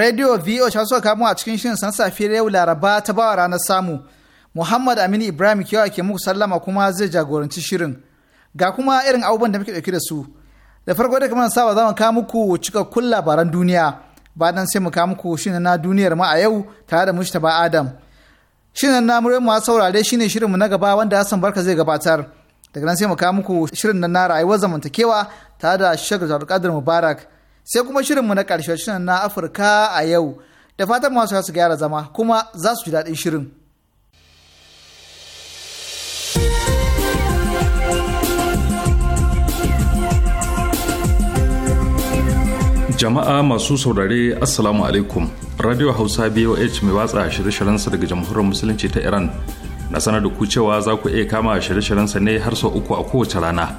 Radio VO ta so kamo a cikin shirin san safiyar yau Laraba ta bawa ranar samu. Muhammad Aminu Ibrahim kewa ke muku sallama kuma zai jagoranci shirin. Ga kuma irin abubuwan da muke dauke da su. Da farko da kamar sabon za mu kawo muku cikakkun labaran duniya. Bayan sai mu kawo muku shirin na duniyar ma a yau tare da Mustapha Adam. Shirin na murai masu saurare shine shirinmu na gaba wanda Hassan Barka zai gabatar. Daga nan sai mu kawo muku shirin na rayuwar zamantakewa tare da Sheikh Abdulkadir Mubarak. sai kuma shirin mu na ƙarshe shirin na Afirka a yau da fatan masu su gyara zama kuma za su ji daɗin shirin. jama'a masu saurare assalamu alaikum radio hausa boh mai watsa shirye-shiryensa daga jamhuriyar musulunci ta iran na sanar da ku cewa za ku iya kama shirye-shiryensa ne har sau uku a kowace rana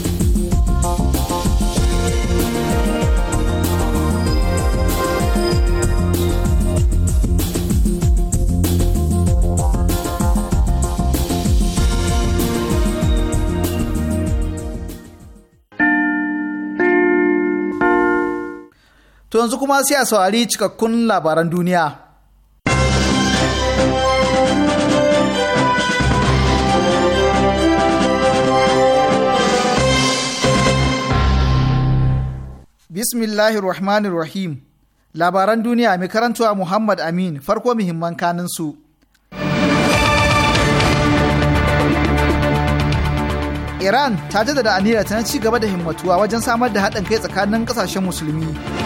To yanzu kuma sai a saurari cikakkun labaran duniya. Bismillahir Rahmanir Rahim. Labaran duniya mai karantawa Muhammad Amin farko muhimman kanin su. Iran ta jaddada aniyarta na ci gaba da himmatuwa wajen samar da haɗin kai tsakanin ƙasashen musulmi.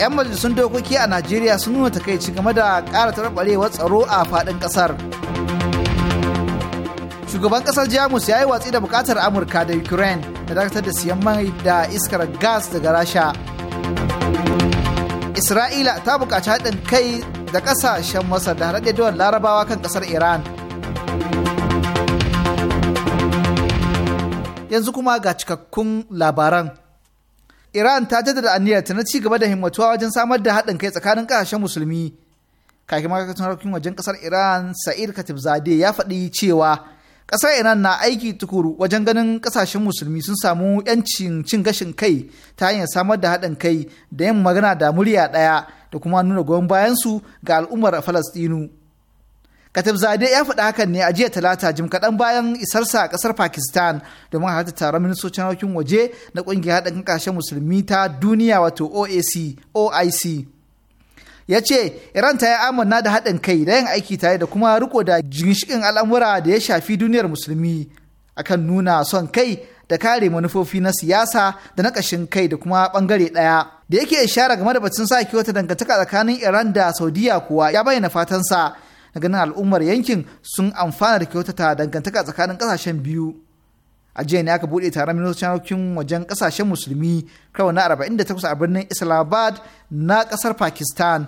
'yan majalisun dokoki a najeriya sun nuna takaici game da ƙara tarbarewar tsaro a faɗin ƙasar shugaban ƙasar jamus ya yi watsi da buƙatar amurka da ukraine da dakatar da siyan mai da iskar gas daga rasha isra'ila ta buƙaci haɗin kai da ƙasashen masar da haɗe yawan larabawa kan ƙasar iran yanzu kuma ga cikakkun labaran Iran ta jaddada aniyarta na ci gaba da himmatuwa wajen samar da haɗin kai tsakanin ƙasashen musulmi. Kakin ma'aikatan harkokin wajen ƙasar Iran Sa'id Katibzade ya faɗi cewa ƙasar Iran na aiki tukuru wajen ganin ƙasashen musulmi sun samu 'yancin cin gashin kai ta hanyar samar da haɗin kai da yin magana da murya ɗaya da kuma nuna goyon bayansu ga al'ummar Falastinu. katib zade ya faɗa hakan ne a jiya talata jim kaɗan bayan isarsa a ƙasar Pakistan domin halarta taron ministocin harkokin waje na ƙungiyar haɗin ƙasashen musulmi ta duniya wato OAC OIC. Ya ce Iran ta yi amana da haɗin kai da yin aiki tare da kuma riko da ginshiƙin al'amura da ya shafi duniyar musulmi akan nuna son kai da kare manufofi na siyasa da na ƙashin kai da kuma ɓangare ɗaya. Da yake ishara game da batun sa wata dangantaka tsakanin Iran da Saudiya kuwa ya bayyana fatansa na ganin al'ummar yankin sun amfana da kyautata dangantaka tsakanin kasashen biyu a jiya ne aka buɗe taron ministocin wajen kasashen musulmi kawai na 48 a birnin islamabad na ƙasar pakistan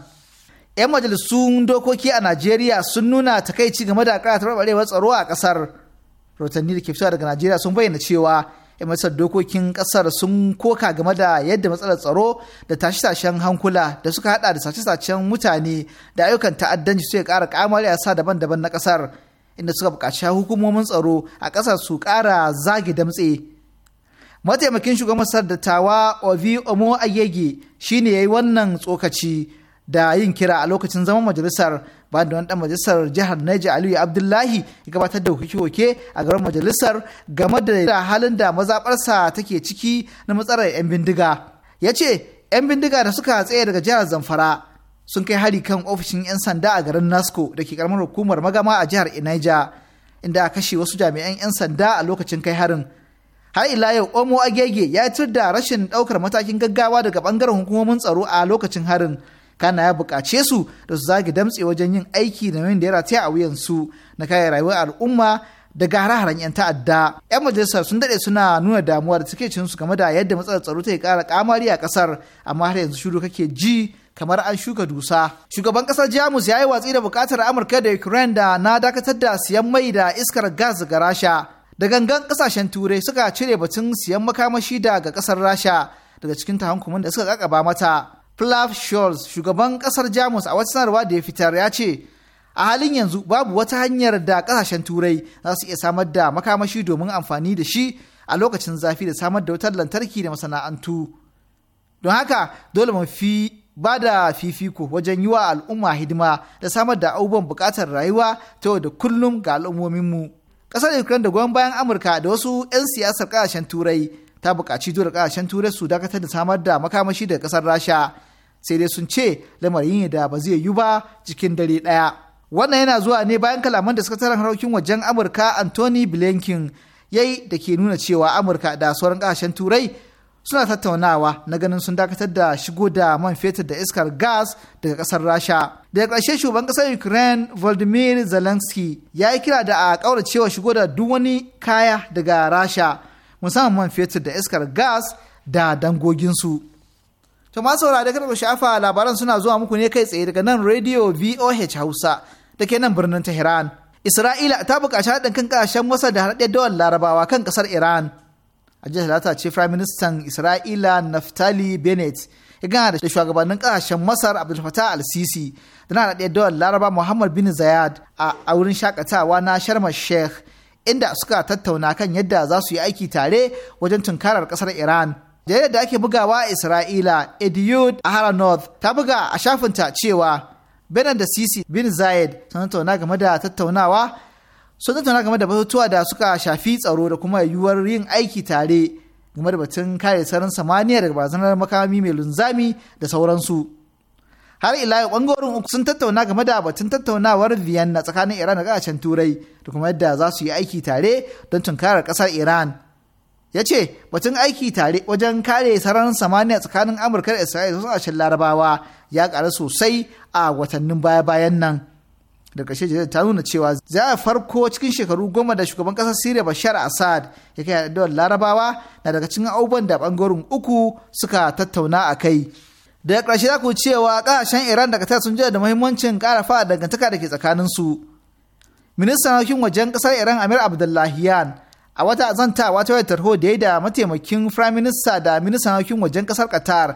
'yan majalisun dokoki a najeriya sun nuna takaici game da ƙara taɓarɓarewar tsaro a kasar rotanni da ke fitowa daga najeriya sun bayyana cewa masar dokokin kasar sun koka game da yadda matsalar tsaro da tashe-tashen hankula da suka hada da tashe-tashen mutane da ayyukan ta'addanci suke kara kamari a sa daban-daban na kasar inda suka buƙaci hukumomin tsaro a kasar su kara zage damtse mataimakin shugaban masar da dattawa ovi omo ayegi shine ya yi wannan tsokaci da yin kira a lokacin zaman majalisar ba da wani dan majalisar jihar Niger Aliyu Abdullahi ya gabatar da hukuke a garin majalisar game da halin da mazabarsa take ciki na matsalar 'yan bindiga. Ya ce 'yan bindiga da suka tsaye daga jihar Zamfara sun kai hari kan ofishin 'yan sanda a garin NASCO da ke karamar hukumar magama a jihar Niger inda a kashe wasu jami'an 'yan sanda a lokacin kai harin. har ila yau omo agege ya tur da rashin daukar matakin gaggawa daga bangaren hukumomin tsaro a lokacin harin kana ya buƙace su da su zagi damtse wajen yin aiki da da ya rataya a wuyansu na kaya rayuwar al'umma da gara har 'yan ta'adda. 'Yan majalisar sun daɗe suna nuna damuwa da take su game da yadda matsalar tsaro ta ƙara kamari a kasar amma har yanzu shiru kake ji kamar an shuka dusa. Shugaban ƙasar Jamus ya yi watsi da bukatar Amurka da Ukraine da na dakatar da siyan mai da iskar gas ga Rasha. Da gangan ƙasashen Turai suka cire batun siyan makamashi daga kasar Rasha daga cikin tahankumin da suka ƙaƙaba mata. Flav Scholz shugaban kasar Jamus a wata sanarwa da ya fitar ya ce a halin yanzu babu wata hanyar da kasashen turai za su iya samar da makamashi domin amfani da shi a lokacin zafi da samar da wutar lantarki da masana'antu. Don haka dole mu fi ba da fifiko wajen yi wa al'umma hidima da samar da abubuwan buƙatar rayuwa ta yau da kullum ga al'ummominmu. Ƙasar Ukraine da goyon bayan Amurka da wasu 'yan siyasar ƙasashen Turai ta buƙaci dole ƙasashen Turai su dakatar da samar da makamashi daga ƙasar Rasha. sai dai sun ce lamarin da ba zai yi ba cikin dare ɗaya. Wannan yana zuwa ne bayan kalaman da sakataren harkokin wajen Amurka Anthony Blinken ya yi da ke nuna cewa Amurka da sauran ƙasashen Turai suna tattaunawa na ganin sun dakatar da shigo da man fetur da iskar gas daga kasar Rasha. Daga ƙarshe shugaban ƙasar Ukraine Volodymyr Zelensky ya yi kira da a cewa shigo da duk wani kaya daga Rasha musamman man fetur da iskar gas da dangoginsu. To ma saurare kada ku shafa labaran suna zuwa muku ne kai tsaye daga nan Radio VOH Hausa da ke nan birnin Tehran. Isra'ila ta buƙaci haɗin kan ƙasashen masar da haɗe dawar Larabawa kan ƙasar Iran. A jiya talata ce Prime Ministan Isra'ila Naftali Bennett ya gana da shugabannin ƙasashen Masar Abdul Fattah al-Sisi da na haɗe dawar Laraba Muhammad bin Zayad a wurin shakatawa na Sharma Sheikh inda suka tattauna kan yadda za su yi aiki tare wajen tunkarar ƙasar Iran. jaridar da ake bugawa a isra'ila ediyud ahara north ta buga a shafinta cewa benin da sisi bin zayed sun tattauna game da tattaunawa sun tattauna game da batutuwa da suka shafi tsaro da kuma yiwuwar yin aiki tare game da batun kare sarin samaniya daga barazanar makami mai lunzami da sauransu har ila yau bangarorin uku sun tattauna game da batun tattaunawar vienna tsakanin iran da kasashen turai da kuma yadda za su yi aiki tare don tunkarar kasar iran ya ce batun aiki tare wajen kare sararin samaniya tsakanin amurka da isra'ila sun ashin larabawa ya ƙaru sosai a watannin baya-bayan nan da ƙarshe ta nuna cewa za a farko cikin shekaru goma da shugaban ƙasar siriya bashar assad ya kai da larabawa na daga cikin abubuwan da ɓangaren uku suka tattauna a kai daga ƙarshe za ku cewa ƙasashen iran da ta sun jira da muhimmancin ƙara fa dangantaka da ke tsakaninsu ministan harkokin wajen ƙasar iran amir abdullahiyan a wata zantawa ta wayar tarho da ya da mataimakin firayim minista da ministan harkokin wajen kasar qatar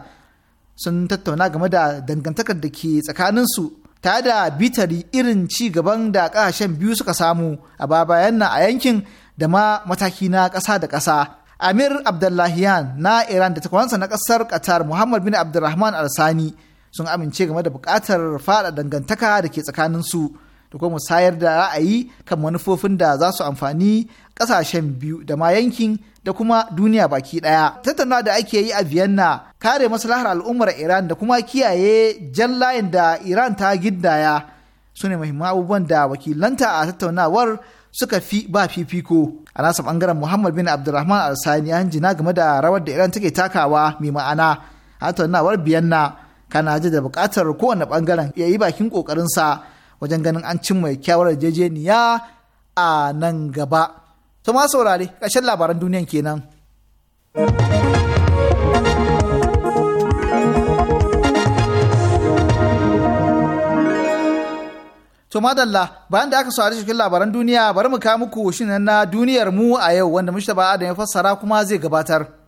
sun tattauna game da dangantakar da ke tsakaninsu ta da bitari irin ci gaban da kasashen biyu suka samu a babayan na a yankin da ma mataki na ƙasa da ƙasa amir abdullahiyan na iran da takwaransa na ƙasar qatar muhammad bin abdulrahman al-sani sun amince game da buƙatar faɗa dangantaka da ke tsakaninsu da kuma musayar da ra'ayi kan manufofin da za su amfani kasashen biyu da ma yankin da kuma duniya baki daya tattauna da ake yi a vienna kare maslahar al'ummar iran da kuma kiyaye jan layin da iran ta gindaya su ne muhimman abubuwan da wakilanta a tattaunawar suka fi ba fifiko a nasa bangaren muhammad bin abdulrahman al-sani an jina game da rawar da iran take takawa mai ma'ana a tattaunawar vienna kana ji da bukatar kowane bangaren ya yi bakin kokarinsa wajen ganin an cimma kyawar yarjejeniya a nan gaba. To ma saurare ƙarshen labaran duniyan kenan. To madalla bayan da aka saurari cikin labaran duniya bari mu kawo muku shi na duniyar mu a yau wanda ba Adam ya fassara kuma zai gabatar.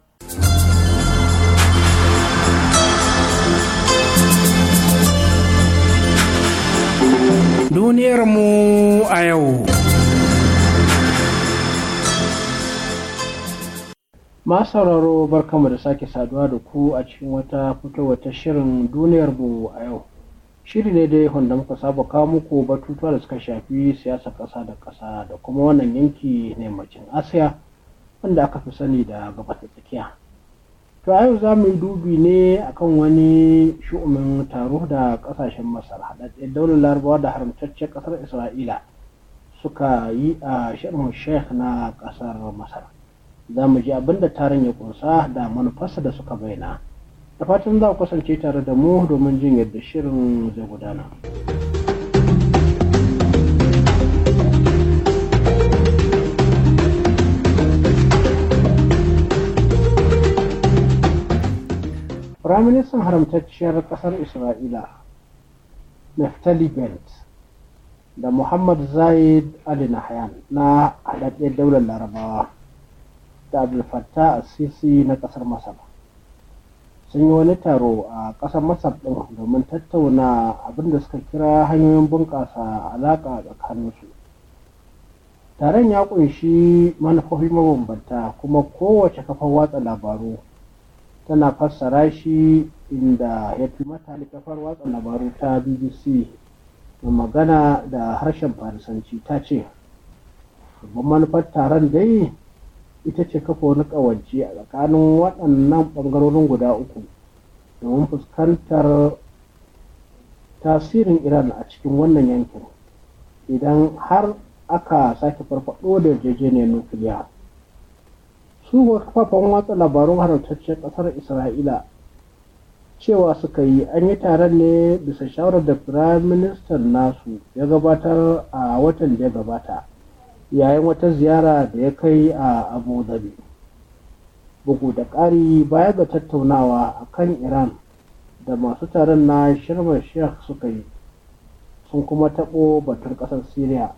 duniyarmu a yau. masararo sauraro barkamu da sake saduwa da ku a cikin wata fitowar ta shirin duniyarmu a yau. Shiri ne dai wanda muka saba kawo muku batutuwa da suka shafi siyasa ƙasa da ƙasa da kuma wannan yanki ne macin Asiya wanda aka fi sani da gabata tsakiya. to a yau za mu yi dubi ne akan wani shu'umin taro da kasashen masar haɗaɗɗen daular larabawa da haramtaccen ƙasar isra'ila suka yi a shirin sheikh na ƙasar masar za mu ji abin da taron ya ƙunsa da manufarsa da suka bayyana da fatan za ku kasance tare da mu domin jin yadda shirin zai gudana. Firaministan haramtacciyar ƙasar Isra'ila Naftali Bent da Muhammad Zayed Ali Nahyan na haɗaɗɗen daular larabawa da Abdul a Sisi na ƙasar Masar sun yi wani taro a ƙasar Masar ɗin domin tattauna abin da suka kira hanyoyin bunƙasa alaƙa tsakaninsu. Taron ya ƙunshi manufofi mabambanta kuma kowace kafar watsa labaru tana fassara shi inda ya fi mata kafar watsa labaru ta bbc da magana da harshen farisanci ta ce babban manufar taron dai ita ce kafa wani ƙawance a tsakanin waɗannan ɓangarorin guda uku domin fuskantar tasirin iran a cikin wannan yankin idan har aka sake farfaɗo da yarjejeniyar nukiliya su kafafen watsa labarun haramtaccen kasar isra'ila cewa suka yi an yi taron ne bisa shawarar da firayim ministan nasu ya gabatar a watan da ya gabata yayin wata ziyara da ya kai a abu dhabi bugu da ƙari baya ga tattaunawa a kan iran da masu taron na shirma sheikh suka yi sun kuma taɓo batun ƙasar syria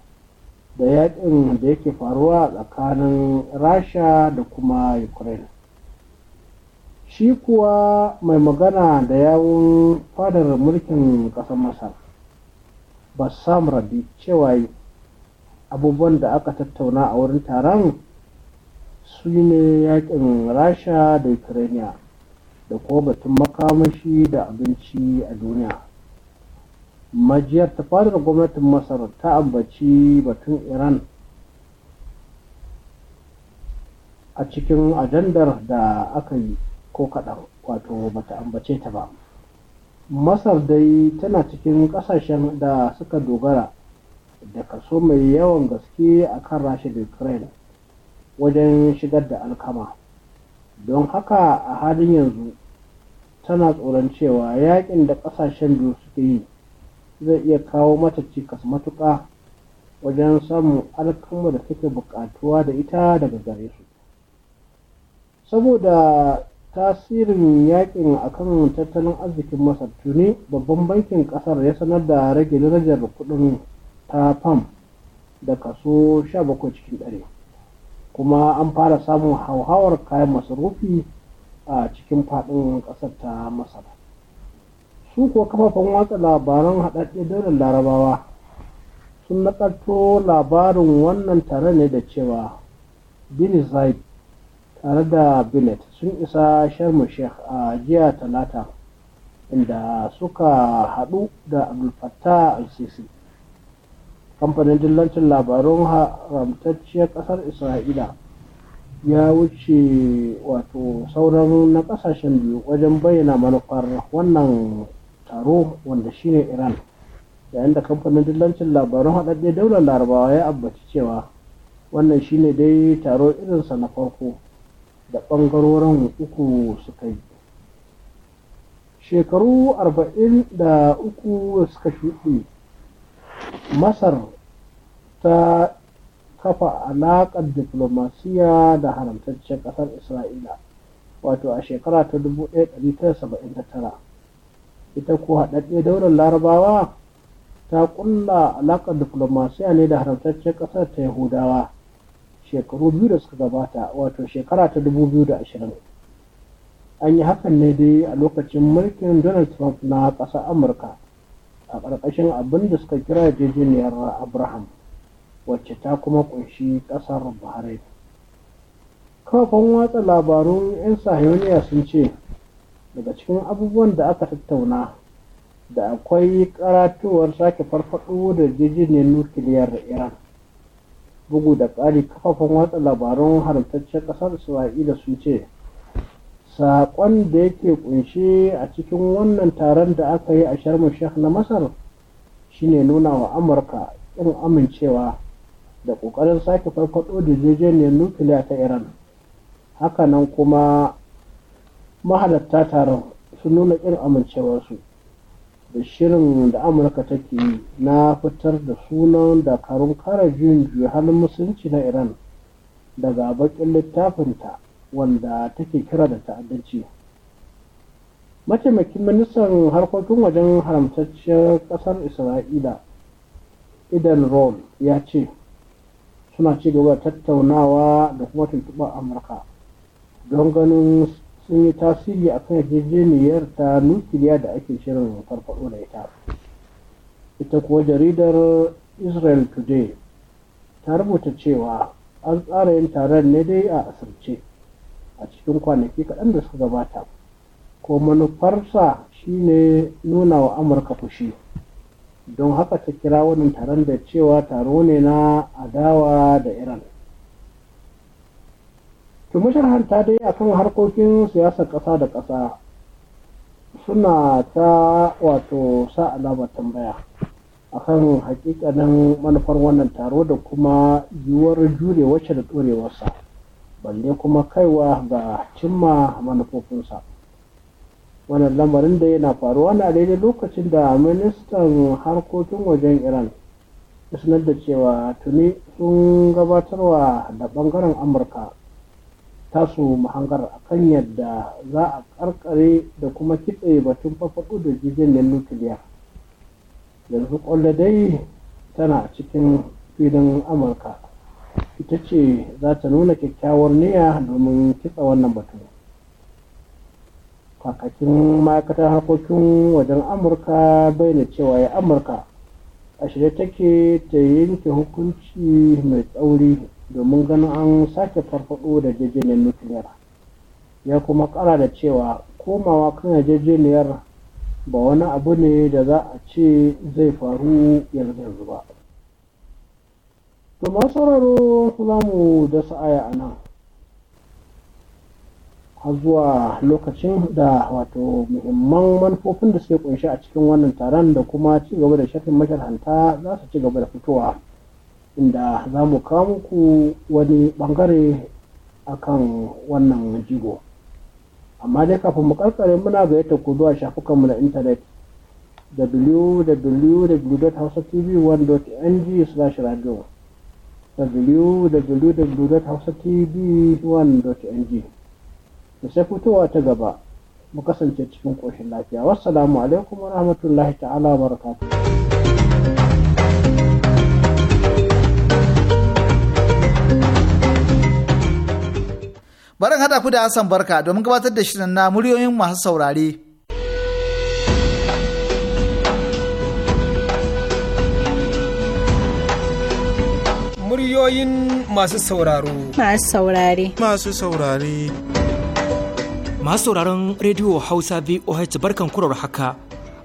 da yaƙin da yake faruwa tsakanin rasha da kuma ukraine shi kuwa mai magana da yawon fadar mulkin ƙasar masar bassam rabi cewa abubuwan da aka tattauna a wurin taron su ne yakin rasha da ukraine da kuma batun makamashi da abinci a duniya majiyar ta fadar gwamnatin masar ta ambaci batun iran a cikin ajandar da aka yi ko kaɗan wato bata ambace ta ba masar dai tana cikin ƙasashen da suka dogara da kaso mai yawan gaske a kan rasha da ukraine wajen shigar da alkama don haka a halin yanzu tana tsoron cewa yakin da ƙasashen biyu suke yi zai iya kawo mata cikas matuƙa wajen samun alkama da take buƙatuwa da ita daga gare su saboda tasirin yakin akan tattalin arzikin masar tuni babban bankin kasar ya sanar da rage darajar kuɗin ta fam da kaso 17 cikin ɗari kuma an fara samun hauhawar kayan masarufi a cikin faɗin ƙasar ta masar su kuwa kafafen watsa labaran haɗaɗɗe daular larabawa sun naƙarto labarin wannan tare ne da cewa bin tare da binet sun isa sharm sheikh a jiya talata inda suka haɗu da abulfatta al-sisi kamfanin dillancin labarun haramtacciyar ƙasar isra'ila ya wuce wato sauran na ƙasashen biyu wajen bayyana manufar wannan taro wanda shine iran yayin da kamfanin dillancin labarun haɗaɗɗe daular larabawa ya abbaci cewa wannan shine dai taro irinsa na farko da ɓangarorin uku suka yi shekaru arba'in da 43 suka shuɗe masar ta kafa alaƙar diplomasiya da haramtaccen ƙasar isra'ila wato a shekara ta tara. ita ko haɗaɗɗe daular larabawa ta ƙulla alaƙar diflomasiya ne da haramtaccen ƙasar ta yahudawa shekaru biyu da suka gabata wato shekara ta ashirin. an yi hakan ne dai a lokacin mulkin donald trump na ƙasar amurka a ƙarƙashin abin da suka kira jejeniyar abraham wacce ta kuma ƙunshi ƙasar bahrain kafin watsa labarun 'yan sahiyoniya sun ce daga cikin abubuwan da aka tattauna da akwai karatuwar sake farfaɗo da jijiyar nukiliyar da iran bugu da ƙari kafafen watsa labarun haramtaccen ƙasar isra'ila sun ce saƙon da yake kunshe a cikin wannan taron da aka yi a sharma sheikh na masar shine nuna wa amurka ƙin amincewa da ƙoƙarin sake farfaɗo da jijiyar nukiliya ta iran hakanan kuma mahalarta taron sun nuna irin amincewarsu da shirin da amurka take yi na fitar da sunan dakarun kara juyin juya halin musulunci na iran daga bakin littafinta wanda take kira da ta'addanci mataimakin ministan harkokin wajen haramtacciyar kasar isra'ila idan rom ya ce suna ci gaba da tattaunawa da kuma tuntuɓar amurka don ganin sun yi tasiri a kan yarjejeniyar ta nukiliya da ake shirin farfaɗo da ita ita kuwa jaridar israel today ta rubuta cewa an tsara yin taron ne dai a asirce a cikin kwanaki kaɗan da suka gabata ko manufarsa shine nuna wa amurka fushi don haka ta kira wannan taron da cewa taro ne na adawa da iran to masharar ta dai kan harkokin siyasar ƙasa da ƙasa suna ta wato sa alama tambaya akan hakikanin manufar wannan taro da kuma yiwuwar jure da ɗorewarsa balle kuma kaiwa ga cimma manufofinsa wannan lamarin da yana faruwa na daidai lokacin da ministan harkokin wajen iran ya sanar da cewa tuni sun gabatarwa da ɓangaren amurka tasu mahangar kan yadda za a karkare da kuma kitse batun fafaɗo da jijiyar nukiliya yanzu kwallo dai tana cikin filin amurka ita ce za ta nuna kyakkyawar niyya domin kitsa wannan batun kakakin ma'aikatar harkokin wajen amurka bayyana cewa ya amurka a shirye take ta yanke hukunci mai tsauri domin ganin an sake farfado da jejeniyar nukiliyar ya kuma kara da cewa komawa kan yarjejeniyar ba wani abu ne da za a ce zai faru yanzu ba to masu sauraro za mu da sa'aya a nan har zuwa lokacin da wato muhimman manufofin da suke kunshi a cikin wannan taron da kuma ci gaba da shafin hanta za su ci gaba da fitowa inda za mu kawo muku wani bangare akan wannan jigo amma dai kafin mu karkare muna gayyata ku zuwa shafukanmu na intanet www.hausatv1.ng/radio www.hausatv1.ng da sai fitowa ta gaba mu kasance cikin ƙoshin lafiya wassalamu alaikum wa rahmatullahi ta'ala wa barakatuh barin hada ku da Hassan Barka domin gabatar da shirin na muryoyin masu saurare. Muryoyin masu sauraro. Masu saurare. Masu saurare. Masu sauraron rediyo Hausa VOH barkan kurar haka.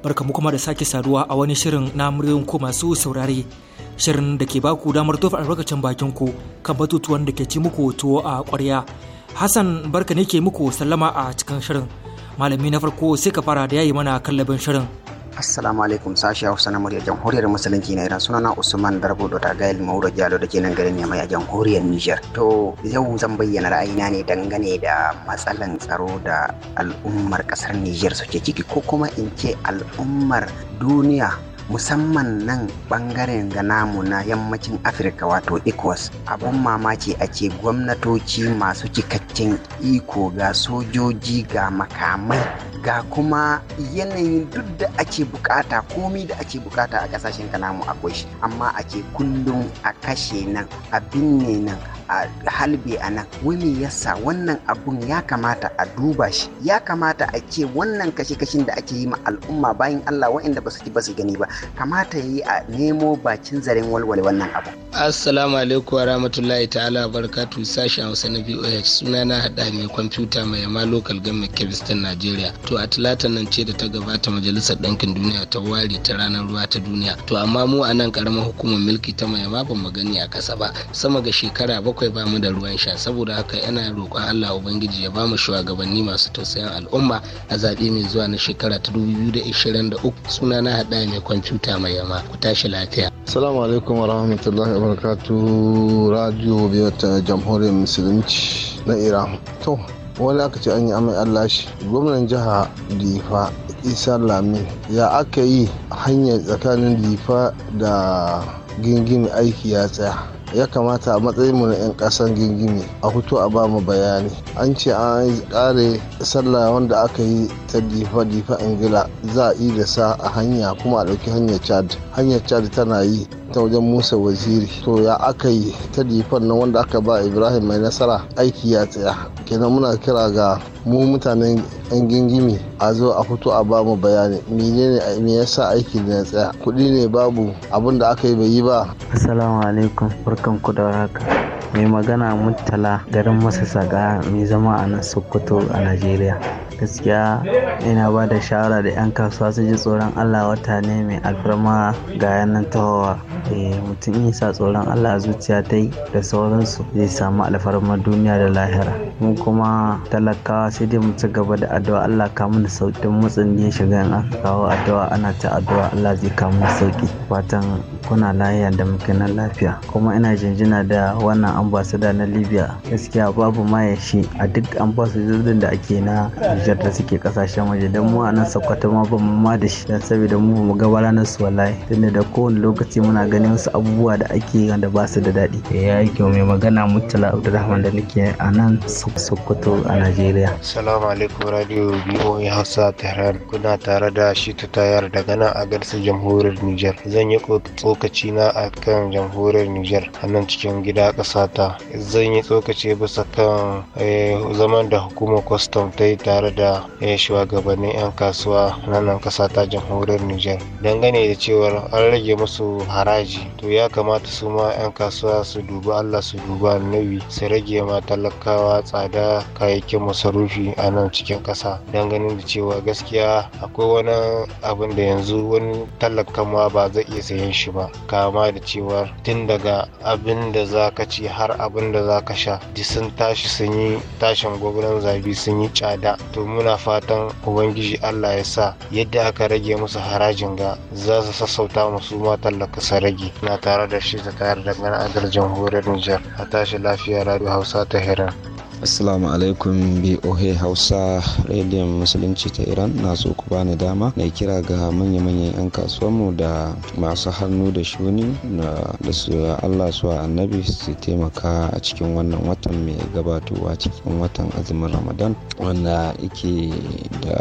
Barka kuma da sake saduwa a wani shirin na muryoyin ko masu saurare. Shirin da ke baku damar tofa albarkacin bakin ku kan batutuwan da ke ci muku tuwo a ƙwarya. Hassan barka ne ke muku sallama a cikin shirin. Malami na farko sai ka fara da yayi mana kallabin shirin. Assalamu alaikum sashi Hausa na murya jamhuriyar musulunci na Iran sunana Usman Darbo da Gail Mauro Jalo da ke nan garin Yamai a jamhuriyar Nijar. To yau zan bayyana ra'ayina ne dangane da matsalan tsaro da al'ummar kasar Nijar suke ciki ko kuma in ce al'ummar duniya musamman nan bangaren ga namu na yammacin afirka wato ecos abun mamaki a ce gwamnatoci masu cikakken iko ga sojoji ga makamai ga kuma yanayin duk da ake bukata komi da ake bukata a kasashen ka namu akwai shi amma a ce kullum a kashe nan a binne nan a halbe a nan wani yasa wannan abun ya kamata a duba shi ya kamata a ce wannan kashe-kashin da ake yi ma al'umma bayan allah waɗanda ba su ji ba su gani ba kamata ya yi a nemo bakin zaren walwale wannan abu assalamu alaikum wa rahmatullahi ta'ala barkatu sashen hausa na boh suna na hada mai kwamfuta mai ma local government kebistan nigeria to a talata nan ce da ta gabata majalisar ɗankin duniya ta ware ta ranar ruwa ta duniya to amma mu a nan karamar hukumar milki ta mai ma ban magani a kasa ba sama ga shekara bakwai ba mu da ruwan sha saboda haka yana roƙon allah ubangiji ya ba mu shugabanni masu tausayin al'umma a zaɓe mai zuwa na shekara ta 2023 suna na hada mai kwamfuta cuta mai yama ku tashi lafiya assalamu alaikum wa rahmatullahi wa barakatuh radio biyar ta jamhuriyar musulunci na iran to wani aka ce an yi amai allah shi gwamnan jiha difa isa lami ya aka yi hanyar tsakanin difa da gingin aiki ya tsaya ya kamata a matsayin mu na 'yan ƙasan gingimi a hutu a ba mu bayani an ce an kare sallah wanda aka yi ta difa-difa ingila za a yi da sa a hanya kuma a ɗauki hanyar chad hanyar chad tana yi ta wajen musa waziri to ya aka yi ta difan na wanda aka ba ibrahim mai nasara aiki ya tsaya kenan muna kira ga mu mutanen yan gingimi a zo a fito a ba mu bayani ne me yasa aiki ne ya tsaya kuɗi ne babu abin da aka yi bai yi ba assalamu alaikum barkan ku da mai magana murtala garin masasaka mai zama a nan sokoto a najeriya gaskiya ina ba da shawara da 'yan kasuwa su ji tsoron allah wata ne mai alfarma ga yanan tahowa eh, mutum yi sa tsoron allah a zuciya ta yi da sauransu zai samu alfarmar duniya da lahira mu kuma talakawa sai dai mu ci gaba da addu'a allah kamun sauƙin matsin da ya shiga in aka kawo addu'a ana ta addu'a allah zai kamun sauƙi fatan kuna lahiya da muke nan lafiya kuma ina jinjina da wannan ambasada na libya gaskiya babu ma ya shi a duk ambasadodin da ake na Nijar da suke kasashen waje don mu a nan Sokoto ma ba mu ma da shi dan saboda mu ba mu ga ranar su wallahi tunda da kowane lokaci muna ganin wasu abubuwa da ake wanda ba su da daɗi. Eh, ya yi kyau mai magana mutala Abdulrahman da nake a nan Sokoto a Najeriya. salamu alaikum radio BOA Hausa Tehran kuna tare da shi ta tayar daga nan a garsa jamhuriyar niger Zan yi tsokaci na a kan jamhuriyar niger a nan cikin gida ƙasata. Zan yi tsokaci bisa kan eh, zaman da hukumar kwastam ta yi tare da eh, shugabannin 'yan kasuwa na nan kasa ta jamhuriyar niger dangane da cewar an rage musu haraji to ya kamata su ma 'yan kasuwa su dubi allah su duba annabi su rage ma talakawa tsada kayayyakin masarufi a nan cikin kasa dangane da cewa gaskiya akwai wani abin da yanzu wani talakan ma ba zai iya sayan shi ba kama da cewa tun daga abin da za ka ci har abin da za ka sha duk sun tashi sun yi tashin gwagwarin zabi sun yi tsada to muna fatan ubangiji allah ya sa yadda aka rage musu harajin ga za su sassauta musu ma tallaka su rage na tare da shi ta tayar da ganar adar jamhuriyar nijar a tashi lafiya radio hausa ta heran Assalamu alaikum BOA Hausa rediyon Musulunci ta Iran na so ku bani dama na kira ga manya-manyan 'yan kasuwanmu da masu hannu da shuni da su Allah su annabi su taimaka a cikin wannan watan mai gabatowa cikin watan azumin Ramadan wanda ike da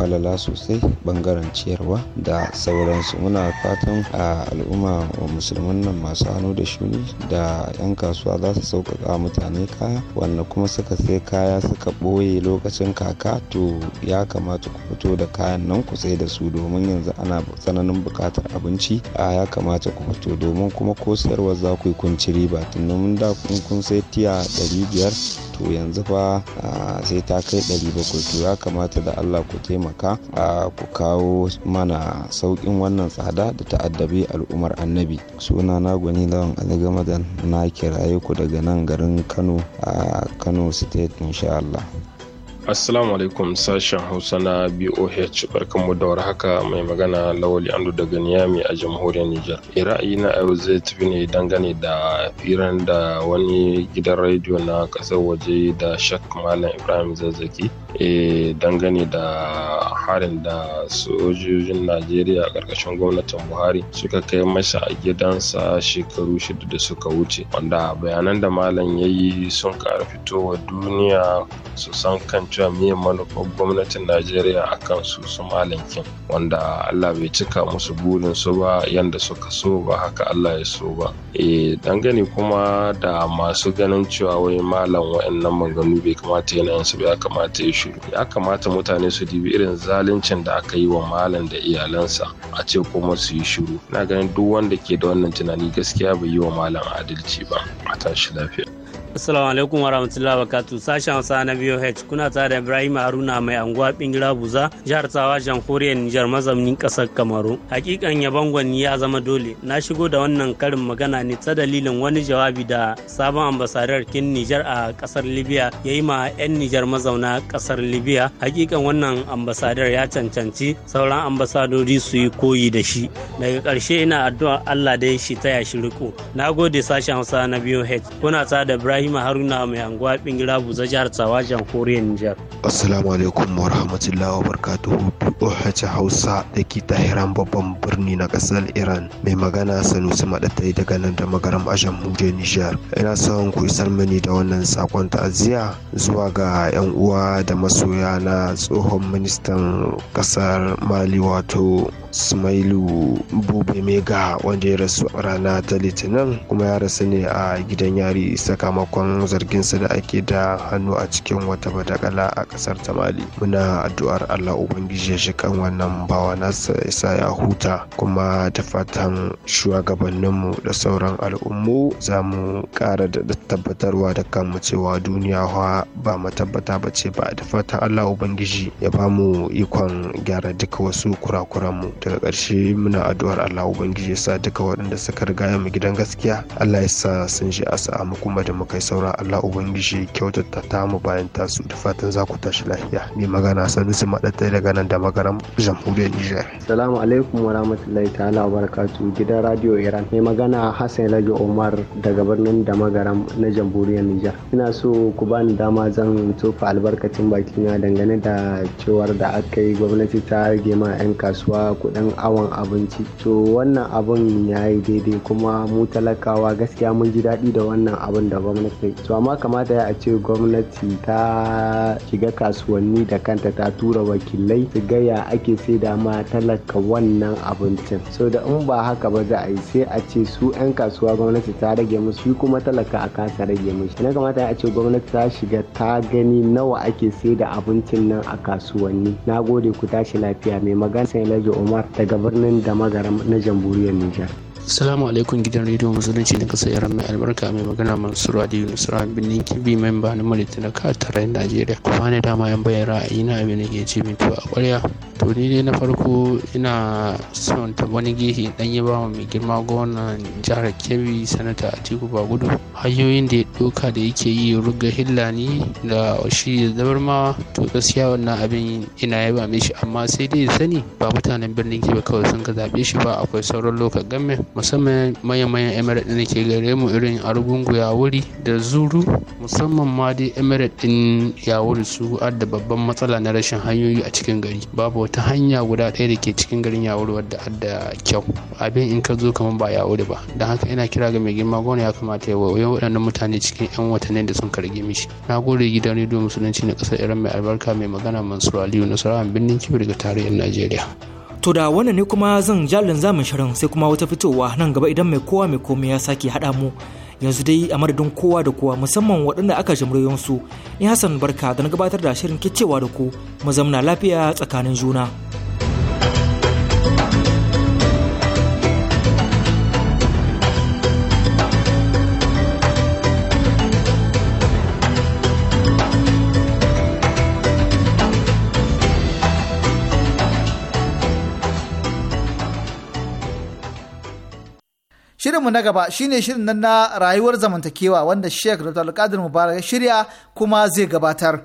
falala sosai bangaren ciyarwa da sauransu muna fatan a al'umma wa musulman nan masu hannu da shuni da 'yan kasuwa za su sauƙaƙa mutane kaya wannan kuma suka sai kaya suka ɓoye lokacin kaka to ya kamata ku fito da kayan nan ku sai da su domin yanzu ana tsananin buƙatar abinci a ya kamata ku fito domin kuma ko sayarwa za ku yi kun kunci riba mun da kun sai tiya 500 to yanzu fa sai ta kai ɗari bakwai to ya kamata da allah ku taimaka ku kawo mana sauƙin wannan tsada da ta'addabi al'ummar annabi suna na gwani lawan algamadan na kiraye ku daga nan garin kano a kano state insha allah Assalamu alaikum sashen Hausa na BOH barkanmu da haka mai magana Lawali Andu daga Niyami a jamhuriyar Nijar. Eh, Ra'ayi na yau zai tafi ne dangane da firan da wani gidan rediyo na ƙasar waje da Shak Malam Ibrahim Zazzaki Eh, dangane da harin da sojojin najeriya ƙarƙashin gwamnatin buhari suka kai masa a gidansa shekaru shida da suka wuce wanda bayanan da malam ya yi sun kara fitowa duniya su san kan cewa me manufar gwamnatin najeriya a kan su su malam kim wanda allah bai cika musu burin su ba yanda suka so ba haka allah ya so ba e dangane kuma da masu ganin cewa wai malam wa'annan manganu bai kamata yana yin su ba ya kamata ya shi ya kamata mutane su dubi irin zaluncin da aka yi wa malam da iyalansa a ce kuma su yi shiru na ganin duk wanda ke da wannan tunani gaskiya bai yi wa malam adalci ba a tashi lafiya Assalamu alaikum wa rahmatullahi wa katu sashen wasa na BOH kuna ta da Ibrahim Haruna mai anguwa Bingira Buza jihar Tsawa jamhuriyar Nijar mazaunin kasar Kamaru. Hakikan yabon gwani ya zama dole. Na shigo da wannan karin magana ne ta dalilin wani jawabi da sabon ambasadar kin Nijar a kasar Libya ya yi ma 'yan Nijar mazauna kasar Libya. Hakikan wannan ambasadar ya cancanci sauran ambasadori su yi koyi da shi. Daga ƙarshe ina addu'ar Allah da ya shi taya shi riko. Na gode sashen wasa na BOH. Kuna ta da Ibrahim Ibrahim Haruna mai anguwa bingira buza jihar Tsawa jamhuriyar Nijar. Assalamu alaikum wa rahmatullahi wa barakatuhu Hausa da ke Tahiran babban birni na kasar Iran mai magana Sanusi Madatai daga nan da magaram Ajan muje Nijar. Ina son ku isar mini da wannan sakon ta'aziyya zuwa ga 'yan uwa da masoya na tsohon ministan kasar Mali wato Smailu Bube Mega wanda ya rasu rana ta Litinin kuma ya rasu ne a gidan yari sakamakon zarginsa da ake da hannu a cikin wata batakala a kasar ta Mali. Muna addu'ar Allah Ubangiji ya shikan wannan bawa nasa isa ya huta kuma da fatan shugabanninmu da sauran al'ummu za mu kara da tabbatarwa da kanmu cewa duniya ba matabbata ba ce ba da fatan Allah Ubangiji ya ba mu ikon gyara duka wasu kurakuranmu daga ƙarshe muna addu'ar allah ubangiji ya sa duka waɗanda suka riga ya mu gidan gaskiya allah ya sa sun shi a sa mu kuma da mu yi saura allah ubangiji kyautata ta mu bayan su da fatan za ku tashi lafiya ni magana sanusi maɗatai daga nan da magaram jamhuriyar nijar. salamu alaikum wa rahmatullahi ta'ala wa barakatu gidan radio iran mai magana hassan rage umar daga birnin da magaram na jamhuriyar nijar ina so ku bani dama zan tofa albarkacin bakina dangane da cewar da aka yi gwamnati ta rage ma 'yan kasuwa kuɗi kuɗin awon abinci to wannan abun ya yi daidai kuma mu talakawa gaskiya mun ji daɗi da wannan abun da gwamnati to amma kamata ya a ce gwamnati ta shiga kasuwanni da kanta ta tura wakilai su gaya ake sai da ma talaka wannan abincin so da in ba haka ba za a yi sai a ce su 'yan kasuwa gwamnati ta rage musu kuma talaka a kasa rage musu na kamata a ce gwamnati ta shiga ta gani nawa ake sai da abincin nan a kasuwanni na gode ku tashi lafiya mai magana sai umar. Muhammad daga birnin da magaram na jamhuriyar Nijar. Assalamu alaikum gidan rediyo musulunci na kasar yaran mai albarka mai magana Mansur Adi Yunus Birnin Kibi memba na Malitin da tarayin Najeriya. Kuma ne dama yan bayan ra'ayi na abin da ke ce min to a ƙwarya. To ni dai na farko ina son ta wani gehe dan ya ba mai girma gwamnan jihar Kebbi sanata Atiku Bagudu. Hanyoyin da ya ɗauka da yake yi ruga hilla ni da shi da ma to gaskiya wannan abin ina yaba mishi amma sai dai sani ba mutanen birnin kibi kawai sun ka zaɓe shi ba akwai sauran lokacin gamin musamman manya-manyan emirate ɗin ke gare mu irin argungu yawuri da zuru musamman ma dai emirate din yawuri su adda babban matsala na rashin hanyoyi a cikin gari babu wata hanya guda ɗaya da ke cikin garin yawuri wadda adda kyau abin in ka zo kamar ba yawuri ba don haka ina kira ga mai girma gona ya kamata ya wayo waɗannan mutane cikin 'yan watannin da sun karge mishi na gode gidan rediyo musulunci na ƙasar iran mai albarka mai magana mansur aliyu nasarawa birnin kibir ga tarayyar najeriya To da wannan ne kuma zan jalin zamun shirin sai kuma wata fitowa nan gaba idan mai kowa mai komai ya sake haɗa mu yanzu dai a madadin kowa da kowa musamman waɗanda aka jimriyon su in Hassan barka da na gabatar da shirin kicewa da ku mu zamna lafiya tsakanin juna. Shirinmu na gaba shine shirin nan na rayuwar zamantakewa wanda Sheikh Dr. Alkadir Mubarak ya shirya kuma zai gabatar.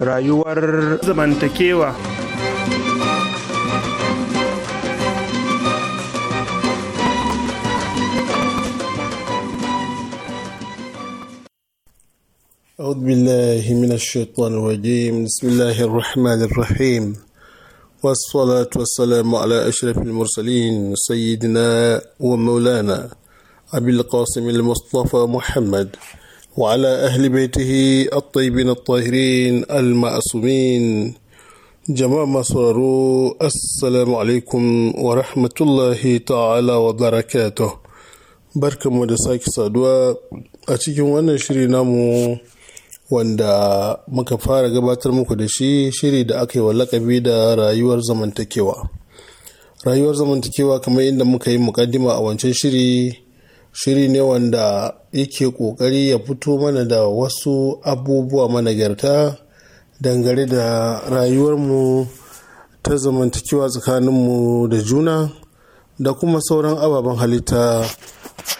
Rayuwar zamantakewa. أعوذ بالله من الشيطان الرجيم بسم الله الرحمن الرحيم والصلاة والسلام على أشرف المرسلين سيدنا ومولانا أبي القاسم المصطفى محمد وعلى أهل بيته الطيبين الطاهرين المعصومين جماعة مسرروا السلام عليكم ورحمة الله تعالى وبركاته بركة مدساك صدوى أتيكم وانا شرينامو wanda muka fara gabatar muku da shi shiri da aka yi wa lakabi da rayuwar zamantakewa rayuwar zamantakewa kamar inda muka yi mukaddima a wancan shiri shiri ne wanda yake kokari ya fito mana da wasu abubuwa managarta dangane da rayuwarmu ta zamantakewa tsakaninmu da juna da kuma sauran ababen halitta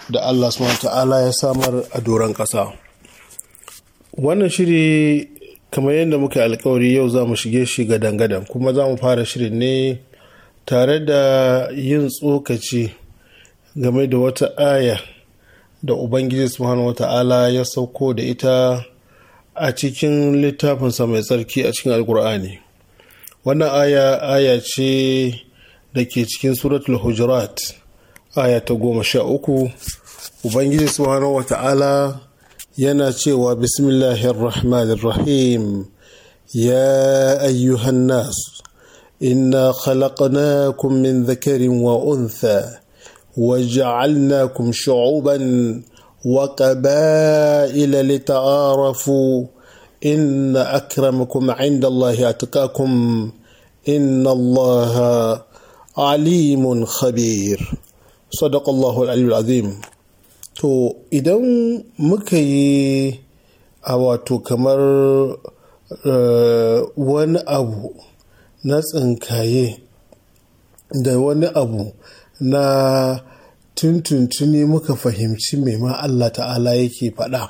da allah subhanahu ta'ala ya samar a doron ƙasa. wannan shiri kamar yadda muka alkawari yau za mu shige shi gadan-gadan kuma za mu fara shirin ne tare da yin tsokaci game da wata aya da ubangiji subhanahu wata'ala ya sauko da ita a cikin littafinsa mai tsarki a cikin alkur'ani wannan aya aya ce da ke cikin suratul hujurat aya ta goma sha uku ubangiji subhanahu wata'ala yana cewa bismillahir rahmanir rahim ya ayyuhan nas inna khalaqnakum min dhakarin wa untha وجعلناكم شعوبا وقبائل لتعارفوا ان اكرمكم عند الله اتقاكم ان الله عليم خبير صدق الله العلي العظيم to idan muka yi a wato kamar uh, wani abu na tsinkaye da wani abu na tuntuntuni muka fahimci mai ma Allah ta'ala yake faɗa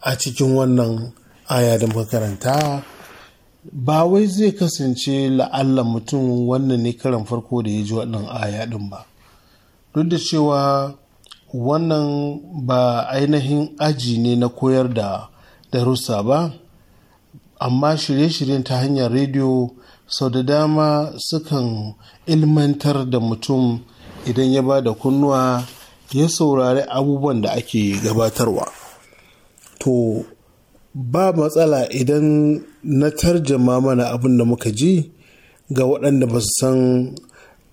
a cikin wannan aya da makaranta ba wai zai kasance la'alla mutum wannan ne karan farko da ya ji wannan aya ɗin ba duk da cewa wannan ba ainihin aji ne na koyar da darussa ba amma shirye-shiryen ta hanyar rediyo sau da dama sukan ilmantar da mutum idan ya ba da kunnuwa ya saurari abubuwan da ake gabatarwa to ba matsala idan na tarjama mana abin da muka ji ga waɗanda ba su san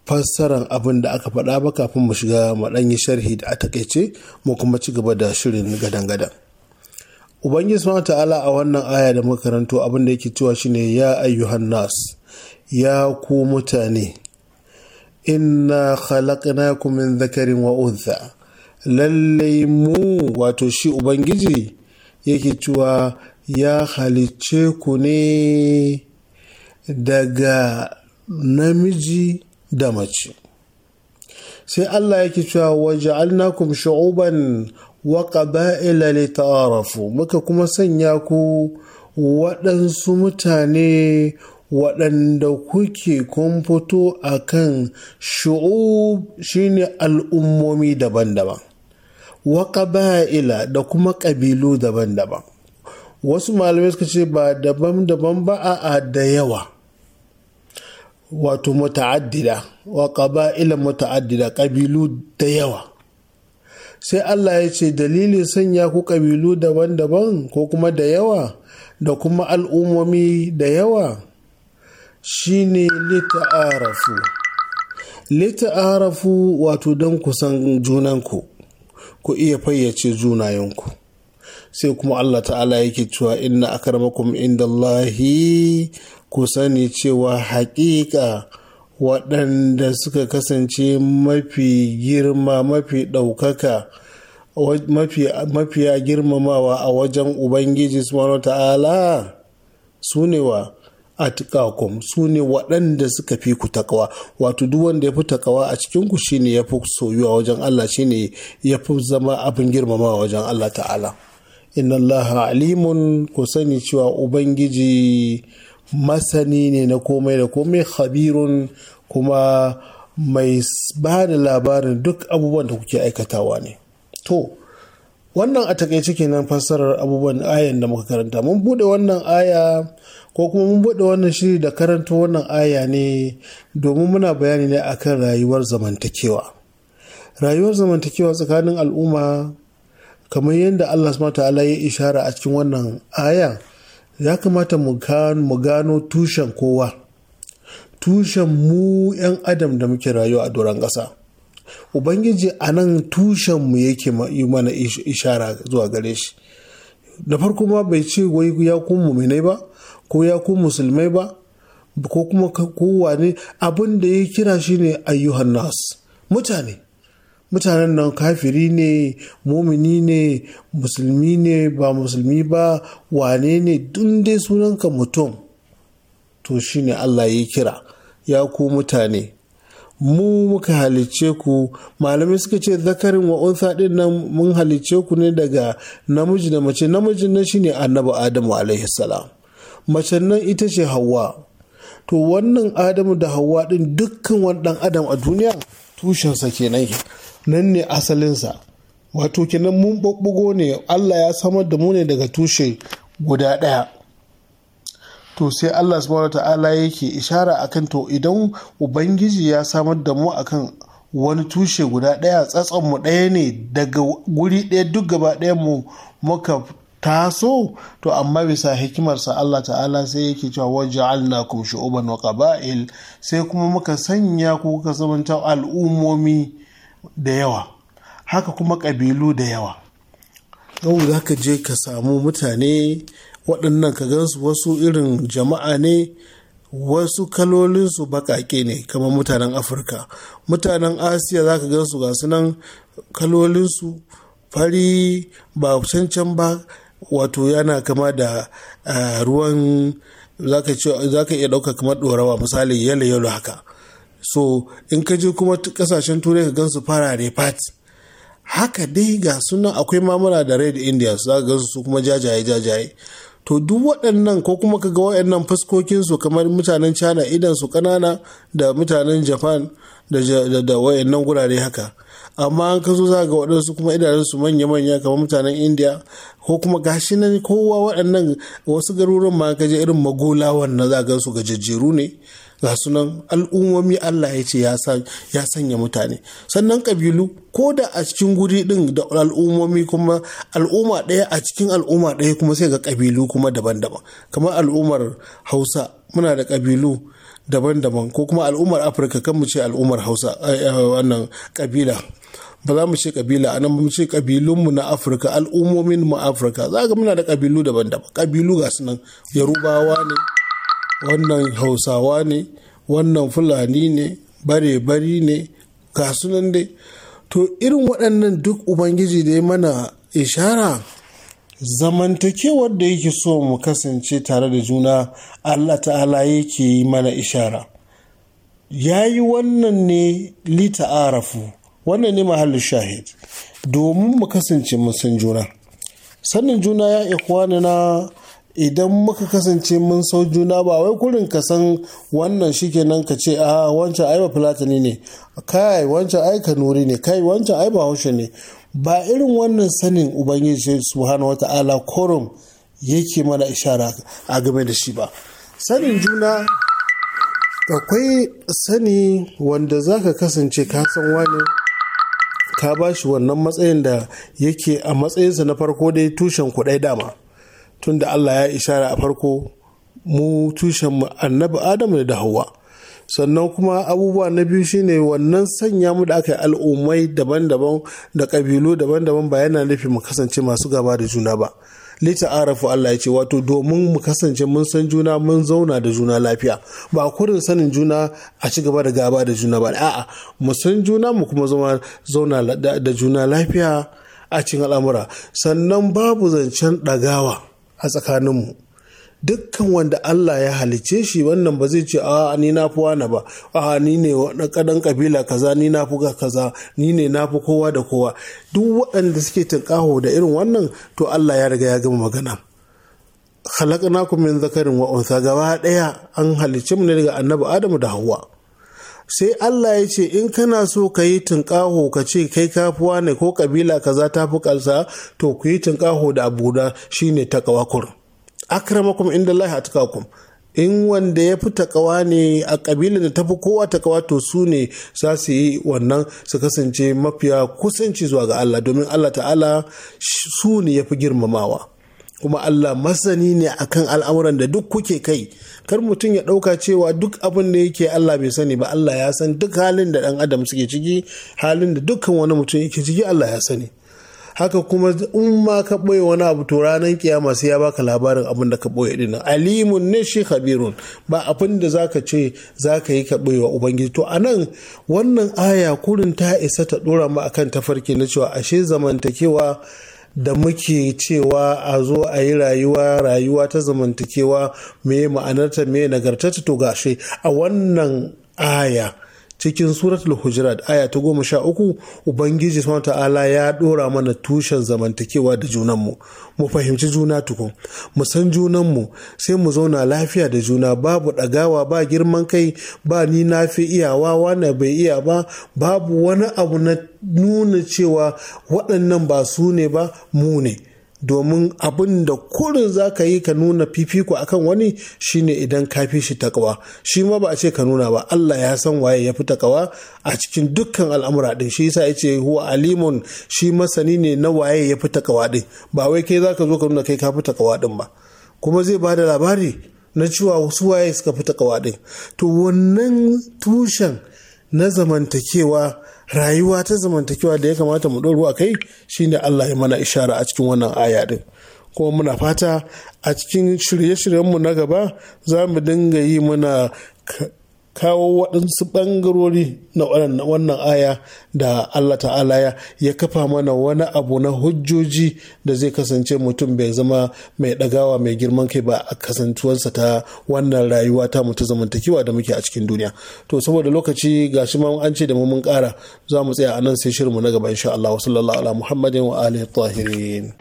fassaran abin da aka faɗa ba kafin mu shiga maɗanyi sharhi da a takaice mu kuma ci gaba da shirin gadan-gadan. Ubangiji subhanahu ta'ala a wannan aya da muka karanto abin da yake cewa shine ya ayyuhan nas ya ku mutane inna khalaqnakum min dhakarin wa untha lallai mu wato shi ubangiji yake cewa ya halicce ku ne daga namiji da mace sai Allah yake cewa waja'alnakum shu'uban wa qaba'ila ta'arafu muka kuma sanya ku waɗansu mutane waɗanda kuke kun fito a kan shu'ub shine al'ummomi daban-daban wa qaba'ila da kuma ƙabilu daban-daban wasu malamai suka ce ba daban-daban ba a da yawa wato muta'addida wa ƙaba'ila muta'addida ƙabilu da yawa sai Allah ya ce dalilin sanya ku ƙabilu daban-daban ko kuma da yawa da kuma al'ummomi da yawa shine lita'arafu lita'arafu wato don kusan junanku ku iya fayyace junayenku sai kuma Allah ta'ala yake cewa inna akarmakum indallahi ku sani cewa haƙiƙa waɗanda suka kasance mafi girma mafi ɗaukaka mafiya girmamawa a wajen ubangiji subhanahu ta'ala su ne wa atikakum su ne waɗanda suka fi ku takawa wato duk wanda ya fi takawa a cikin ku shine ya fi soyuwa wajen Allah shine ya fi zama abin girmamawa wajen Allah ta'ala inna Allah alimun ku sani cewa ubangiji masani ne na komai da komai khabirun kuma mai ba da labarin duk abubuwan da kuke aikatawa ne to wannan a takaice kenan fassarar abubuwan ayan da muka karanta mun bude wannan aya ko kuma mun bude wannan shiri da karanta wannan aya ne domin muna bayani ne akan rayuwar zamantakewa rayuwar zamantakewa tsakanin al'umma kamar yadda allah ta'ala ya ishara a cikin wannan aya ya kamata mu gano tushen kowa tushen mu 'yan adam da muke rayuwa a doron ƙasa ubangiji a nan tushen mu yake yi mana ishara zuwa gare shi da farko ma bai ce wai ya ku muminai ba ko ya ku musulmai ba ko kuma kowa ne abin da ya kira shi ne ayyuhan nas mutane mutanen nan kafiri ne mumini ne musulmi ne ba musulmi ba wane ne dun dai sunanka mutum to shine allah ya kira ya ku mutane mu muka halicce ku malamai suka ce zakarin wa unsa din nan mun halicce ku ne daga namiji da mace namijin nan shine annabi adamu alaihi salam mace nan ita ce hawa to wannan adamu da hawa din dukkan wani dan adam a duniya tushensa kenan nan ne asalinsa wato kenan mun ɓaɓɓugo ne allah ya samar da mu ne daga tushe guda ɗaya to sai allah subhanahu wa ta'ala yake ishara akan to idan ubangiji ya samar da mu akan wani tushe guda ɗaya tsatson mu ɗaya ne daga guri ɗaya duk gaba ɗaya mu muka taso to amma bisa hikimarsa Allah ta'ala sai yake cewa waja'alna kum kumshi wa qaba'il sai kuma muka sanya ku kuka zamanta al'ummomi da yawa haka kuma ƙabilu da yawa yau za ka je ka samu mutane waɗannan ka gansu wasu irin jama'a ne wasu kalolinsu baƙaƙe ne kamar mutanen afirka mutanen asiya za ka gansu ga nan kalolinsu fari ba cancan ba wato yana kama da eh, ruwan za ka iya ɗauka kamar ɗorawa misali yalo yalo haka so in ka je kuma kasashen turai ka gansu farare fat haka dai ga sunan akwai mamura da red india za gansu su kuma jajaye jajaye to duk waɗannan ko kuma ka ga waɗannan fuskokin kamar mutanen china idan su kanana da mutanen japan da waɗannan gurare haka amma an ka zo za ga waɗansu kuma idanun su manya manya kamar mutanen india ko kuma gashi nan kowa waɗannan wasu garuruwan ma ka je irin magola na za ga su gajejjeru ne ga sunan al'ummomi Allah ya ce ya sanya mutane sannan kabilu ko da a cikin guri din da al'ummomi kuma al'umma ɗaya a cikin al'umma ɗaya kuma sai ga kabilu kuma daban-daban kamar al'ummar hausa muna da ƙabilu daban-daban ko kuma al'ummar afirka kan mu ce al'ummar hausa eh, eh, wannan ƙabila ba za mu ce kabila a nan mu ce kabilunmu na afirka al'ummomin mu afirka za ga muna da kabilu daban-daban kabilu ga sunan yarubawa ne wannan hausawa ne wannan fulani ne bare-bari ne kasunan dai to irin waɗannan duk ubangiji da ya mana ishara zamantakewar da yake so mu kasance tare da juna allah ta'ala yake yi mana ishara ya yi wannan ne arafu, wannan ne mahallin shahid domin mu kasance mun san juna sannin juna ya ikwanina idan muka kasance mun so juna ba wai kurin ka san wannan shikenan ka ce a ah, wancan ai ba fulatani ne kai wancan ai kanuri ne kai wancan ai ba haushe ne ba irin wannan sanin ubangiji subhanahu wata'ala korum yake mana ishara a game da shi ba sanin juna akwai sani wanda za ka kasance ka san wani ka ba shi wannan matsayin da yake a matsayinsa na farko dai tushen kuɗai dama tunda Allah ya ishara a farko mu tushen mu annabi Adamu da Hauwa sannan kuma abubuwa na biyu shine wannan sanya mu da aka yi al'ummai daban-daban da ƙabilu daban-daban ba yana nufi mu kasance masu gaba da juna ba lita arafu Allah ya ce wato domin mu kasance mun san juna mun zauna da juna lafiya ba kurin sanin juna a ci gaba da gaba da juna ba a'a mu san juna mu kuma zauna da juna lafiya a cikin al'amura sannan babu zancen ɗagawa a tsakaninmu dukkan wanda Allah ya halice shi wannan ba zai ce a ni na fi wani ba a ni ne na kadan kabila kaza ni na fi kaza ni ne na fi kowa da kowa duk waɗanda suke tunƙaho da irin wannan to Allah ya riga ya gama magana ku min zakarin wa unsa gaba daya an halice mu ne daga annabi Adamu da hawa sai Allah ya ce in kana so ka yi tunƙaho ka ce kai kafuwa ne ko kabila kaza ta fi kalsa to ku yi tunƙaho da abuda shine takawakur akramakum inda Allah atqakum in wanda ya fi takawa ne a kabila da ta fi kowa takawa to su ne za su yi wannan su kasance mafiya kusanci zuwa ga Allah domin Allah ta'ala su ne ya fi girmamawa kuma Allah masani ne akan al'amuran da duk kuke kai kar mutum ya ɗauka cewa duk abin da yake Allah bai sani ba Allah ya san duk halin da ɗan adam suke ciki halin da dukkan wani mutum yake ciki Allah ya sani haka kuma in ma ka ɓoye wani abu to ranar kiyama sai ya baka labarin abin da ka ɓoye din alimun ne shi khabirun ba abin da zaka ce zaka yi ka ɓoye wa ubangiji to anan wannan aya kurin ta isa ta dora mu akan tafarki na cewa ashe zamantakewa da muke cewa a zo a yi rayuwa rayuwa ta zamantakewa me ma'anarta me nagartarta to gashe a wannan aya cikin suratul hujurat aya ta goma sha uku ubangiji subhanahu ta'ala ya dora mana tushen zamantakewa da junanmu mu fahimci juna tukun mu san junanmu sai mu zauna lafiya da juna babu ɗagawa ba girman kai ba ni na fi iyawa wane bai iya ba babu wani abu na nuna cewa waɗannan ba su ne ba mu ne domin abin da kurin za ka yi ka nuna fifiko akan wani shine idan ka fi shi takawa shi ma ba a ce ka nuna ba Allah ya san waye ya fi takawa a cikin dukkan al'amura din shi yasa yace huwa alimun shi masani ne na waye ya fi takawa din ba wai kai zaka zo ka nuna kai ka fi takawa din ba kuma zai ba da labari na cewa wasu waye suka fi takawa din to wannan tushen na zamantakewa rayuwa ta zamantakewa da ya kamata mu ɗoro a kai shine Allah ya mana ishara a cikin wannan aya din kuma muna fata a cikin shirye-shiryenmu na gaba za mu dinga yi muna kawo waɗansu ɓangarori na wannan aya da Allah ta'ala ya kafa mana wani abu na hujjoji da zai kasance mutum bai zama mai ɗagawa mai girman kai ba a kasantuwarsa ta wannan rayuwa ta mutu zamantakewa da muke a cikin duniya to saboda lokaci ga shi ma an ce da mu mun ƙara za mu tsaya a nan sai shirinmu na gaba insha Allah wa sallallahu ala muhammadin wa alihi tahirin.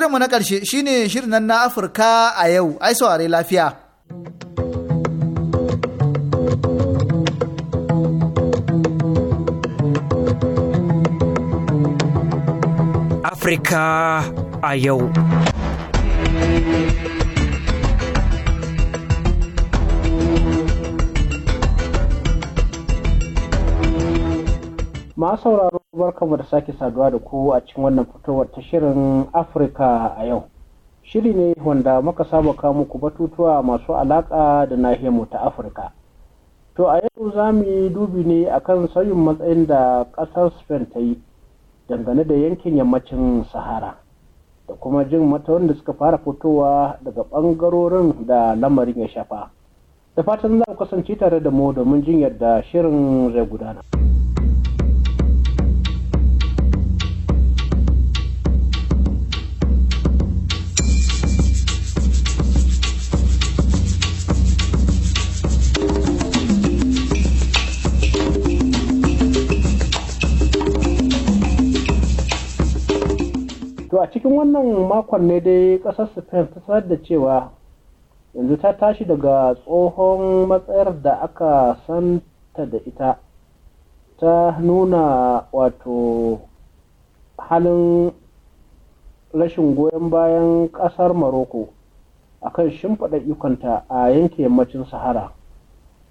Shirinmu na ƙarshe shine shirin nan na Afirka a yau, ai saurare lafiya. Afirka a yau. sauraro barkamu da sake saduwa da ku a cikin wannan fitowar ta shirin Afirka a yau. Shiri ne wanda muka saba kawo muku batutuwa masu alaƙa da nahiyarmu ta Afirka. To a yau za mu yi dubi ne akan sauyin matsayin da ƙasar Spain ta yi dangane da yankin yammacin Sahara da kuma jin mata wanda suka fara fitowa daga ɓangarorin da lamarin ya shafa. Da fatan za ku kasance tare da mu domin jin yadda shirin zai gudana. To a cikin wannan makon ne dai ƙasar Spain ta sanar da cewa yanzu ta tashi daga tsohon matsayar da aka santa da ita ta nuna wato halin rashin goyon bayan ƙasar Maroko kan shimfiɗa ikonta a yanke yammacin Sahara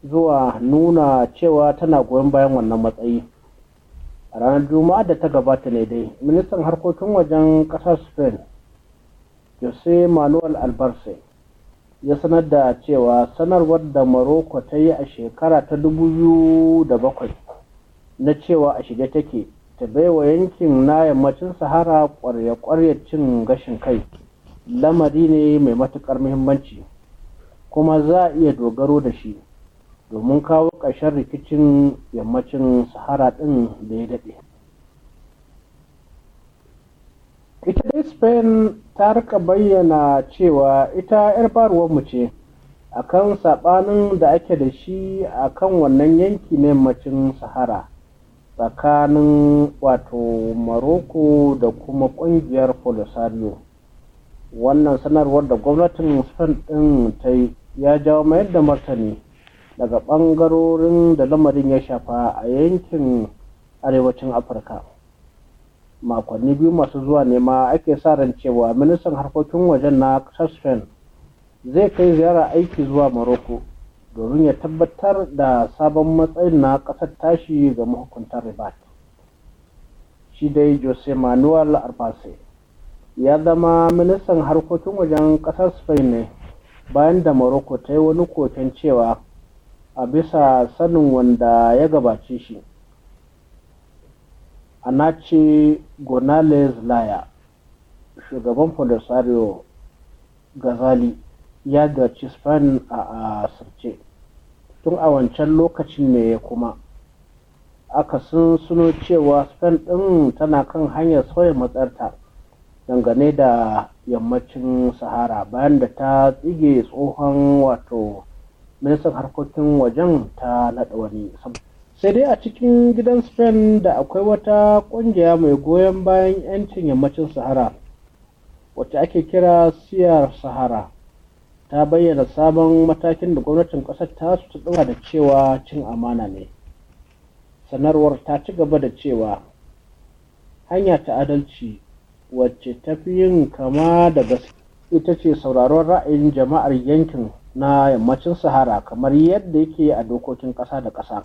zuwa nuna cewa tana goyon bayan wannan matsayi. a ranar juma'a da ta gabata ne dai ministan harkokin wajen ƙasar spain jose manuel albarce ya sanar da cewa sanarwar da morocco ta yi a shekara ta dubu biyu da bakwai, na cewa a shige take ta baiwa yankin na yammacin sahara kwarya-kwarya cin gashin kai lamari ne mai matuƙar muhimmanci kuma za a iya dogaro da shi domin kawo ƙarshen rikicin yammacin sahara ɗin da ya daɗe ita dai spain ta rika bayyana cewa ita 'yar mu ce akan saɓanin da ake da shi a kan wannan yanki na yammacin sahara tsakanin wato maroko da kuma ƙungiyar polisario wannan sanarwar da gwamnatin spain ɗin ta yi ya jawo mayar da martani daga ɓangarorin da lamarin ya shafa a yankin arewacin afirka makonni biyu masu zuwa ne ma ake sa ran cewa ministan harkokin wajen na ƙasar zai kai ziyara aiki zuwa Maroko domin ya tabbatar da sabon matsayin na ƙasar tashi ga mahukuntar ribat shi dai jose manuel arbase ya zama ministan harkokin wajen ƙasar spain ne bayan da Maroko ta yi wani koken cewa a bisa sanin wanda ya gabace shi ce gonales laya shugaban polisario gazali ya gaci spain a asirce tun a wancan lokacin ne kuma aka sun suno cewa spain ɗin tana kan hanyar sauya matsarta dangane da yammacin sahara bayan da ta tsige tsohon wato ministan harkokin wajen ta naɗa wani sai dai a cikin gidan spain da akwai wata ƙungiya mai goyon bayan 'yancin yammacin sahara wacce ake kira siyar sahara ta bayyana sabon matakin da gwamnatin ƙasar ta su ta da cewa cin amana ne sanarwar ta ci gaba da cewa hanya ta adalci wacce ta fi yin kama da gaske ita ce sauraron ra'ayin jama'ar yankin na yammacin sahara kamar yadda yake a dokokin ƙasa da ƙasa.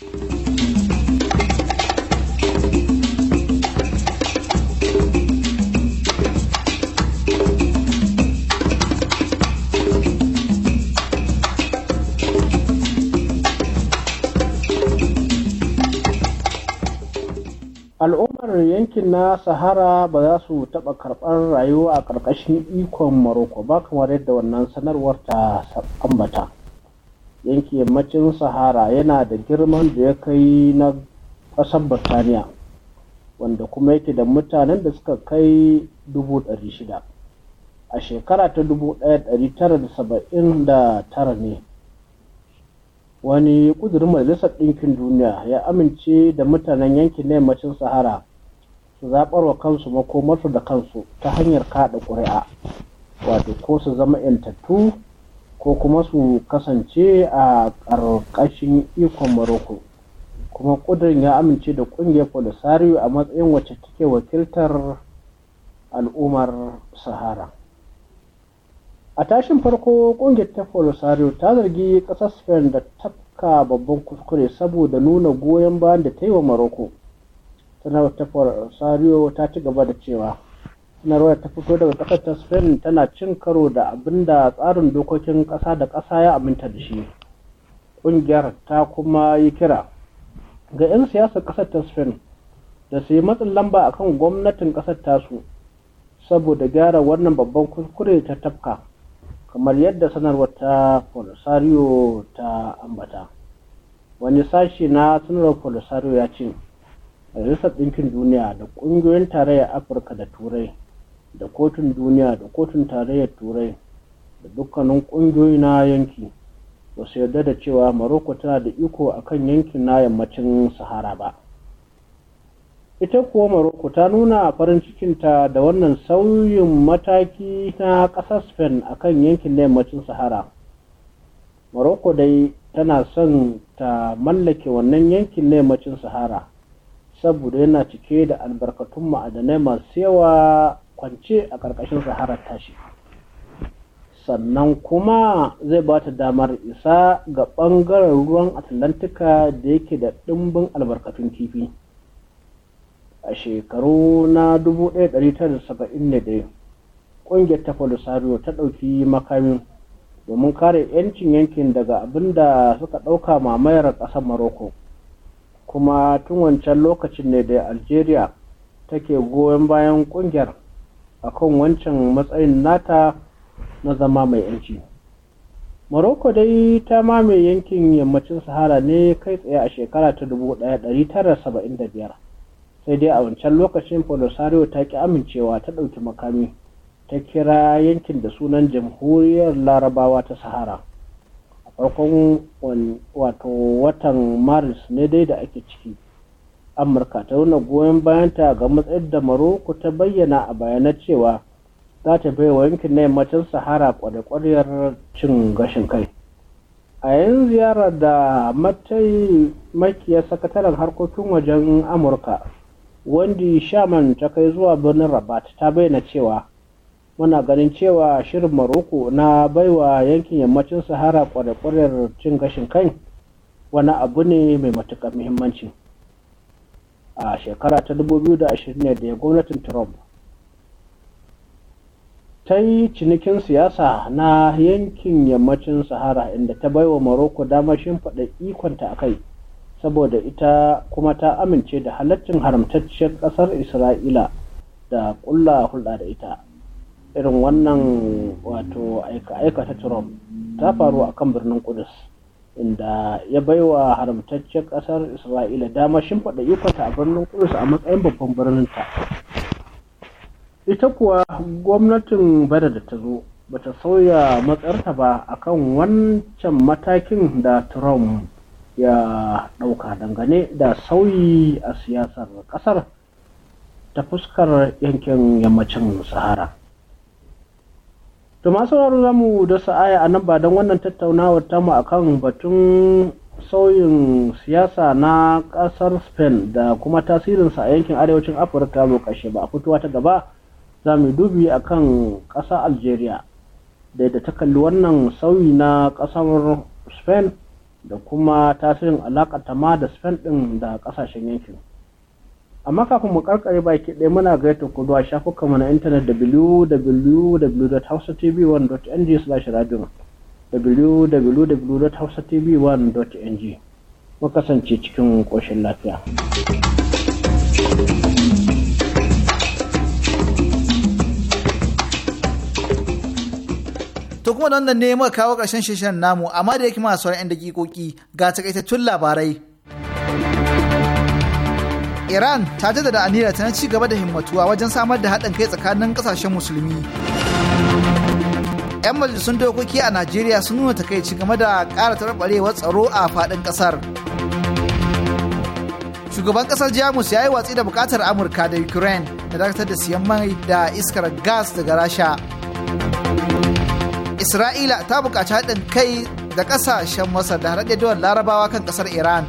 al'ummar yankin na sahara ba za su taɓa karɓar rayuwa a ƙarƙashin ikon maroko ba kamar yadda wannan sanarwar ta ambata yankin yammacin sahara yana da girman da ya kai na ƙasar birtaniya wanda kuma yake da mutanen da suka kai dubu ɗari shida. a shekara ta dubu ɗaya, ɗari tara da da saba'in tara ne wani ƙudurin majalisar ɗinkin duniya ya amince da mutanen yankin na yammacin sahara su zaɓar wa kansu makomarsu da kansu ta hanyar kaɗa ƙuri'a wato ko su zama 'yantattu ko kuma su kasance a ƙarƙashin ikon maroko kuma ƙudurin ya amince da ƙungiyar polisario a matsayin wacce take wakiltar al'ummar sahara a tashin farko ƙungiyar ta polisario ta zargi ƙasar spain da tafka babban kuskure saboda nuna goyon bayan da ta yi wa maroko sanarwar ta Sariyo ta ci gaba da cewa sanarwar ta fito daga ƙasar ta spain tana cin karo da abin da tsarin dokokin ƙasa da ƙasa ya aminta da shi ƙungiyar ta kuma yi kira ga 'yan siyasar ƙasar ta spain da su yi matsin lamba akan gwamnatin ƙasar tasu saboda gyara wannan babban kuskure ta tafka kamar yadda sanarwar ta polisario ta ambata wani sashi na sanarwar polisario ya ce majalisar ɗinkin duniya da ƙungiyoyin tarayyar afirka da turai da kotun duniya da kotun tarayyar turai da dukkanin ƙungiyoyi na yanki ba su yarda da cewa maroko tana da iko a kan yankin na yammacin sahara ba ita kuwa maroko ta nuna a farin cikinta da wannan sauyin mataki na ƙasar spain a kan yankin na yammacin sahara maroko dai tana son ta mallake wannan yankin na yammacin sahara saboda yana cike da albarkatun ma'adanai masu yawa kwance a ƙarƙashin saharar tashi sannan kuma zai ba ta damar isa ga ɓangaren ruwan atlantika da yake da ɗimbin albarkatun kifi a shekaru na 1971 ƙungiyar ta polisario ta ɗauki makamin domin kare 'yancin yankin daga abin da suka ɗauka mamayar ƙasar morocco kuma tun wancan lokacin ne da algeria take goyon bayan kungiyar kan wancan matsayin nata na zama mai yanci morocco dai ta mamaye yankin yammacin sahara ne kai tsaye a shekara ta 1975 sai dai a wancan lokacin polisario ta ki amincewa ta ɗauki makami ta kira yankin da sunan jamhuriyar larabawa ta sahara farkon wato watan maris ne dai da ake ciki amurka ta nuna goyon bayanta ga matsayin da maroko ta bayyana a bayanan cewa za ta bai wa yankin na yammacin sahara kwadakwariyar cin gashin kai a yayin ziyarar da mataimakiyar sakataren harkokin wajen amurka wendy shaman ta kai zuwa birnin rabat ta bayyana cewa muna ganin cewa shirin maroko na baiwa yankin yammacin sahara kwarekwarar cin gashin kai wani abu ne mai matuƙar muhimmanci a shekara ta 2020 da ya gwamnatin trump ta yi cinikin siyasa na yankin yammacin sahara inda ta baiwa maroko damar shimfiɗa ikonta a kai saboda ita kuma ta amince da halaccin haramtacciyar ƙasar isra'ila da ƙulla hulɗa da ita irin wannan wato aika-aika ta trump ta faru a kan birnin kudus inda ya baiwa haramtaccen kasar isra'ila dama shimfiɗa ikonta a birnin kudus a matsayin babban birninta ita kuwa gwamnatin bada da ta zo bata sauya matsarta ba akan wancan matakin da trump ya ɗauka dangane da sauyi a siyasar ƙasar ta fuskar yankin yammacin sahara to masu sauraro za mu dasa aya a nan ba don wannan tattaunawar tamu akan batun sauyin siyasa na kasar spain da kuma tasirinsa a yankin arewacin afirka mu kashe ba a fitowa ta gaba za mu dubi a kan ƙasa algeria da yadda ta kalli wannan sauyi na kasar spain da kuma tasirin alaƙa ma da spain ɗin da ƙasashen yankin amma kafin mu karkare baki ɗaya muna gaita ku zuwa shafukan mu na intanet www.hausatv1.ng slash radio www.hausatv1.ng mu kasance cikin ƙoshin lafiya. To kuma da wannan ne muka kawo ƙarshen shirin namu amma da yake masu 'yan dakikoki ga takaitattun labarai. iran ta jaddada aniyar ta na ci gaba da himmatuwa wajen samar da haɗin kai tsakanin ƙasashen musulmi yan majalisun dokoki a najeriya sun nuna takaici game da ƙara tarbarewar tsaro a faɗin ƙasar shugaban ƙasar jamus ya yi watsi da buƙatar amurka da ukraine da dakatar da siyan mai da iskar gas daga rasha isra'ila ta buƙaci haɗin kai da ƙasashen masar da haɗe dawar larabawa kan ƙasar iran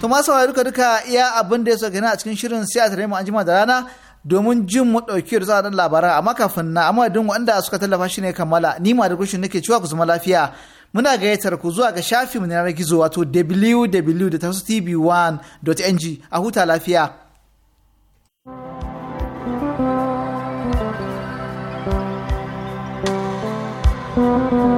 to ma saurari duka duka iya abin da ya sauke a cikin shirin sai a tare mu anjima da rana domin jin mu ɗauki da zaɗan labaran amma kafin na amma waɗanda wanda suka tallafa shi ne kammala ni ma da gushin nake cewa ku zama lafiya muna gayyatar ku zuwa ga shafi mu na yanar gizo wato www.tv1.ng a huta lafiya. thank you